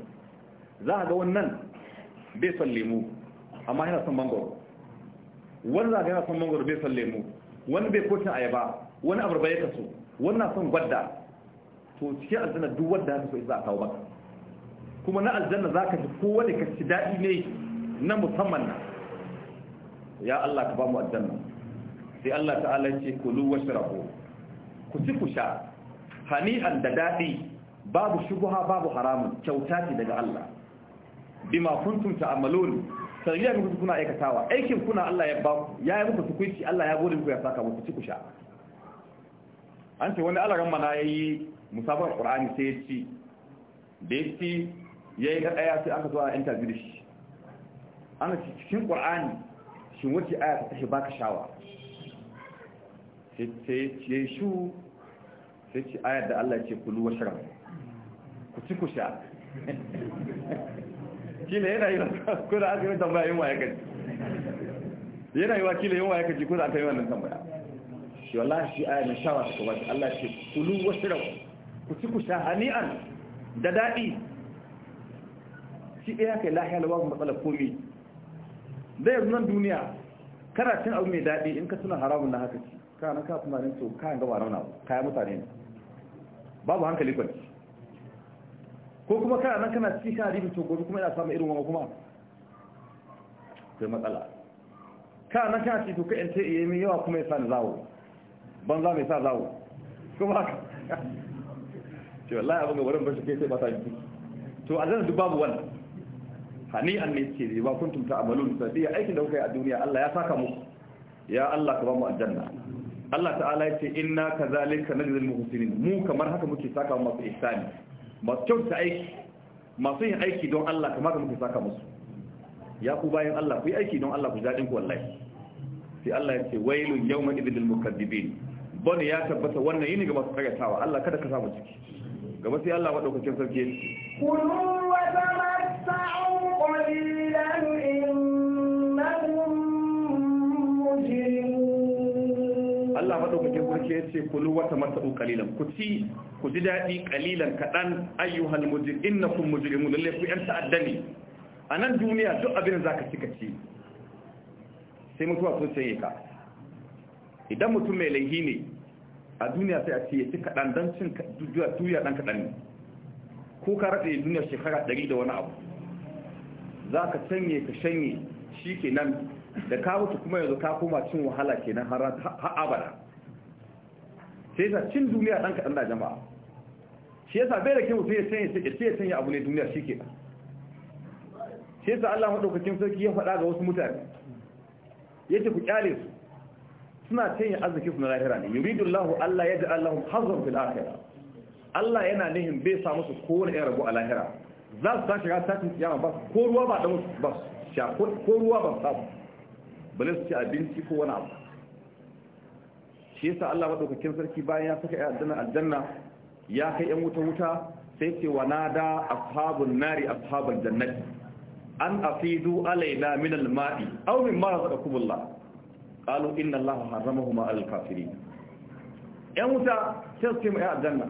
za a ga wannan bai son lemu amma yana son mangoro wani za a ga yana son mangoro bai son lemu wani bai kotun ayaba wani abarba ya kaso wani na son gwadda to cikin aljanna duk wanda haka so za a kawo maka kuma na aljanna za ka ji kowane ka ci daɗi ne na musamman na ya Allah ka ba mu aljanna sai Allah ta'ala ce kulu washrabu ku ci ku sha hani'an da daɗi babu shubuha babu haramun kyauta ce daga Allah bima kuntum ta'malun sarriya ga kuna aikatawa aikin kuna Allah ya ba ya yi muku tukuici Allah ya gode muku ya saka muku ci ku sha an ce wani alaran mana yayi musabar qur'ani sai ya ci da ya ci yayi yi aya sai aka zo a interview da shi ana cikin qur'ani shin wace aya ta tashi baka shawa sai ce shu sai ci aya da Allah ce kulu wa shirar ku ci ku sha kila yana yi ko da aka yi tambaya yin waya kaji yana yi wa kila yin waya kaji ko da aka yi wannan tambaya shi wallahi shi aya na shawa ta kawai Allah ce kulu wa shirar ku ci ku sha hani'an da daɗi shi ɗaya kai lahiya da babu matsala komi da yanzu nan duniya kana cin abu mai daɗi in ka suna haramun na haka ci nan ka kuma ne to kayan gaba rauna kayan mutane ne babu hankali kwanci ko kuma kana nan kana ci kana ribi to kuma yana samun irin wani kuma sai matsala ka nan kana ci to ka yanta iya mai yawa kuma ya sa ni zawo banza mai sa zawo kuma haka ce wallahi abin gabarin bashi ke sai ba ta jiki to a zan babu wani, hani an ne ce ba kuntum ta amalun sadiya aikin da kuka yi a duniya Allah ya saka muku ya Allah ka ba mu aljanna Allah ta'ala ya ce inna kazalika najzil muhsinin mu kamar haka muke saka masu ihsani masu kyauta aiki masu yin aiki don Allah kamar haka muke saka musu ya ku bayan Allah ku yi aiki don Allah ku jaɗin ku wallahi sai Allah ya ce wailun yawma idhil mukaddibin bane ya tabbata wannan yini ga masu karyatawa Allah kada ka samu ciki gaba sai Allah madaukakin sarki yake kulu wa tamatta'u qalilan innakum mujrimun Allah madaukakin sarki yace kulu wa tamatta'u qalilan ku ci ku ji dadi qalilan kadan ayyuhal mujrim innakum mujrimun lalle ku ƴan ta'adda ne. a nan duniya duk abin zaka ci ka ci sai mutuwa sun sanye ka idan mutum mai laihi ne a duniya sai a ce ya kaɗan don cin duniya ɗan kaɗan ne ko ka raɗe duniya shekara ɗari da wani abu za ka canye ka shanye shi ke nan da ka wuce kuma yanzu ka koma cin wahala ke nan har abada sai sa cin duniya ɗan kaɗan da jama'a shi yasa bai da kyau sai ya canye sai ya canye abu ne duniya shi ke nan shi yasa Allah maɗaukakin sarki ya faɗa ga wasu mutane ya ce ku kyale su suna canye arziki su na lahira ne yuridu Allah Allah ya ji Allahun hazon fil akhira Allah yana nihin bai sa musu kowane ɗaya rabu a lahira za su tashi ga tashin kiyama ba ko ruwa ba da musu ba sha ko ruwa ba samu bale su ci abinci ko wani abu shi yasa Allah madaukakin sarki bayan ya saka ya aljanna aljanna ya kai yan wuta wuta sai ce wa nada ashabun nari ashabul jannati an afidu alaina min al-madi alma'i aw mimma razaqakumullah qalu yan wuta sai su mai aljanna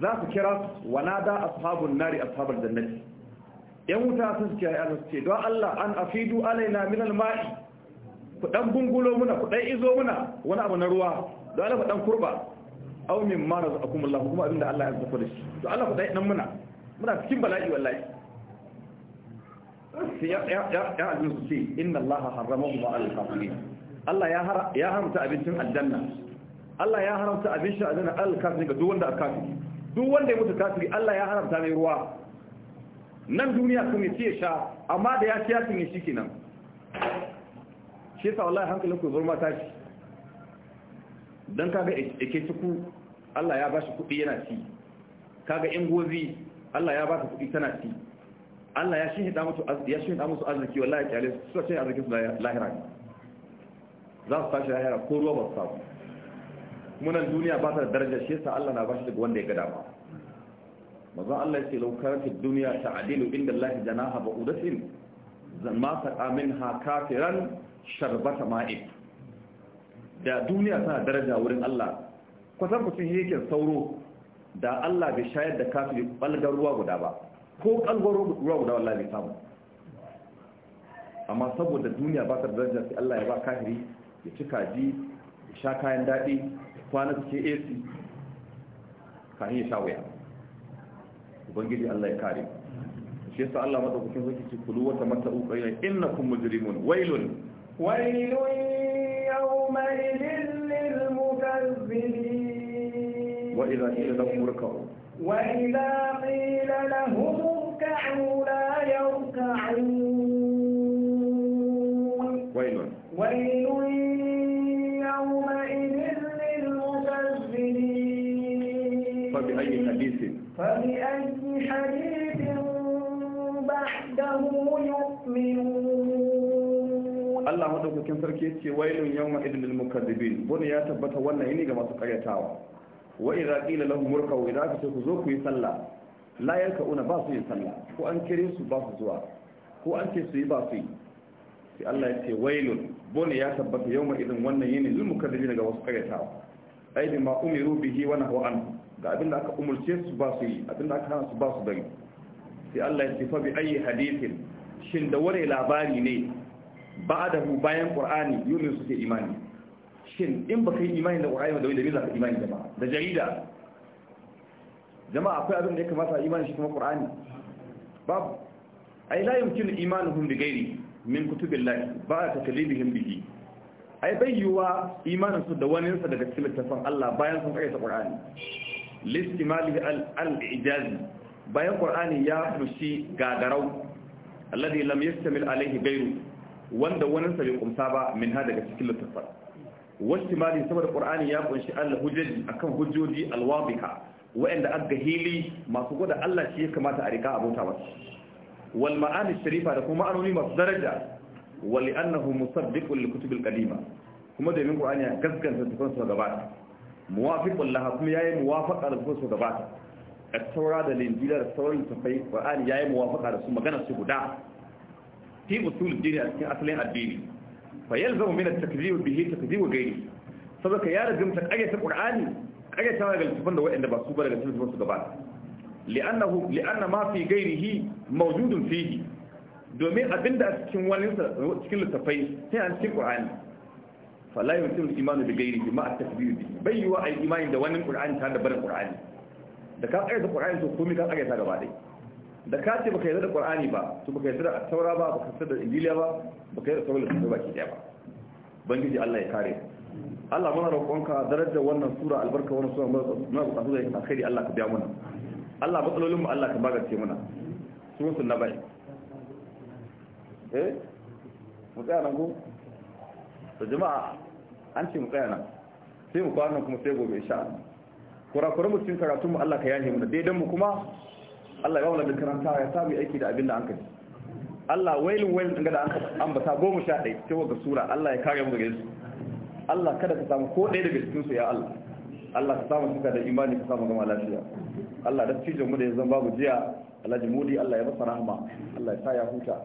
za su kira wa nada ashabun nari ashabul jannati yan wuta sun ce ya su ce don Allah an afidu alaina min alma'i ku dan bungulo muna ku dan izo muna wani abu na ruwa don Allah ku dan kurba aw min ma razaqakumullah kuma abinda Allah ya zaka da shi don Allah ku dan dan muna muna cikin bala'i wallahi sai ya ya ya ya inna Allah harramahu ma Allah ya haramta abincin aljanna Allah ya haramta abincin aljanna al-kafiri ga duk wanda a kafi. duk wanda ya mutu kafiri Allah ya haramta mai ruwa nan duniya kun yi ce sha amma da ya ci ya tunye shi kenan shi yasa wallahi hankalin ku zurma shi Don kaga ake ciku Allah ya bashi kuɗi yana ci kaga in gozi Allah ya ka kuɗi tana ci Allah ya shi hida musu ya shi hida musu arziki wallahi kyale su ce arzikin su lahira ne za su tashi lahira ko ruwa ba su samu munan duniya ba ta da darajar shi yasa Allah na bashi daga wanda ya gada ba maza Allah ya ce laukaratun duniya ta adilu inda Allah janaha ba udasin zama ta amin ha kafiran sharbata ma'ib da duniya tana daraja wurin Allah ku kucin yake sauro da Allah bai shayar da kafiri balgar ruwa guda ba ko kalgar ruwa guda wallahi bai samu amma saboda duniya ba ta daraja sai Allah ya ba kafiri ya ci kaji ya sha kayan daɗi ya kwana cikin ac kayan ya sha waya ubangiji allah ya kare shi yasa allah madaukakin sarki ce kulu wata mata uƙayyar innakum mujrimun wailun wailun yawmaidin lil mukazzibin wa idza qila lahum irka'u yau idza wailun wailun yawma'idin lilmukazzimin fa bi ayyi hadithin fa bi ayyi hadithin ba'dahu yu'minun Allah madaukakin sarki yace wailun yawma'idin lilmukazzibin wani ya tabbata wannan yini ga masu karyatawa wa idza qila lahum murka'u idza ka ku zo ku yi sallah la yarka'una ba su sallah ko an ba su zuwa ko su yi ba su yi sai Allah ya ce wailun bone ya tabbata yau idan wannan yini lil mukallibina daga wasu karyatawa ai bi ma umiru bihi wa nahu an ga abinda aka umurce su ba su yi abinda aka hana su ba su bari sai Allah ya ce fa bi ayi hadithin shin da wani labari ne ba'dahu bayan qur'ani yunus suke imani shin in baka yi imani da qur'ani da wani da zaka imani jama'a da jarida jama'a akwai abin da ya kamata imani shi kuma qur'ani babu ai la yumkinu imanuhum bi ghairihi min kutubillahi ba ta kalibihim bihi ai bai imanin su da wani daga cikin littafin Allah bayan sun karanta Qur'ani listimali al-ijazi bayan Qur'ani ya fushi gagarau alladhi lam yastamil alayhi ghayru wanda wani sa bai kumsa ba min ha daga cikin littafin wastimali saboda Qur'ani ya kunshi al-hujjaji akan hujjoji al-wadiha wa'anda aka hili masu gwada Allah shi ya kamata a rika abota wasu wal ma'ani sharifa da kuma anoni masu daraja wa li'annahu musaddiqun li kutubil qadima kuma domin Qur'ani ya gaskanta tafsirin su gabata muwafiqun laha kuma yayi muwafaqa da tafsirin su gabata at-taura da linjila da sauran tafsirin Qur'ani yayi muwafaqa da su magana su guda fi usul dini a cikin asalin addini fa yalzamu min at-takdhib bihi takdhib ghayri saboda ya rajumta ƙaryata Qur'ani ƙaryata ga tafsirin da waɗanda ba su ba daga tafsirin su gabata li'annahu li'anna ma fi ghairihi mawjudun domin a cikin wani cikin littafai sai an cikin qur'ani fala yumkin al-imanu bi ghairihi ma at-takbir bi bayyuwa al da wani qur'ani ta da barin qur'ani da ka ƙarya da qur'ani to ka ƙarya ta gaba da ka ce baka yarda da qur'ani ba to baka yarda da taura ba baka yarda da injila ba baka yarda da sauran littafai ba Allah ya kare Allah muna roƙonka darajar wannan sura albarka wannan da ka mana Allah matsalolinmu Allah ka magance muna su sun na bai eh mu tsaya nan ku to jama'a an ce mu tsaya nan sai mu kwana kuma sai gobe sha Allah kurakuran mu cikin karatun mu Allah ka yahe mu da daidan mu kuma Allah ya wala da karanta ya sami aiki da abin da an kaji Allah wailin wailin din da an an bata goma sha ɗaya cewa ga sura Allah ya kare mu daga su Allah kada ka samu ko ɗaya daga cikin su ya Allah Allah ka samu suka da imani ka samu gama lafiya Allah da cijin mu da yanzu babu jiya Alhaji Mudi Allah ya masa rahama Allah ya sa ya huta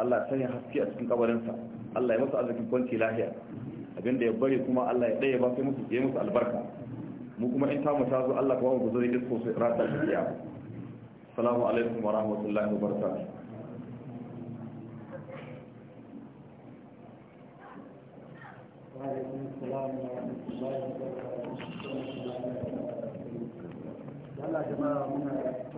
Allah ya sanya haske a cikin kabarinsa Allah ya masa arzikin kwanci lafiya abinda ya bari kuma Allah ya daya ba sai musu ya musu albarka mu kuma in tamu ta zo Allah ka ba mu guzuri isko sai rata ta ya Assalamu alaikum wa rahmatullahi wa barakatuh وعليكم السلام ورحمة الله وبركاته Allah jama'a muna